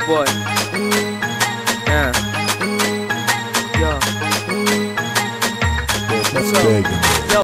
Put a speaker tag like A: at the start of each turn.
A: boy. Yeah. Yo. Yo.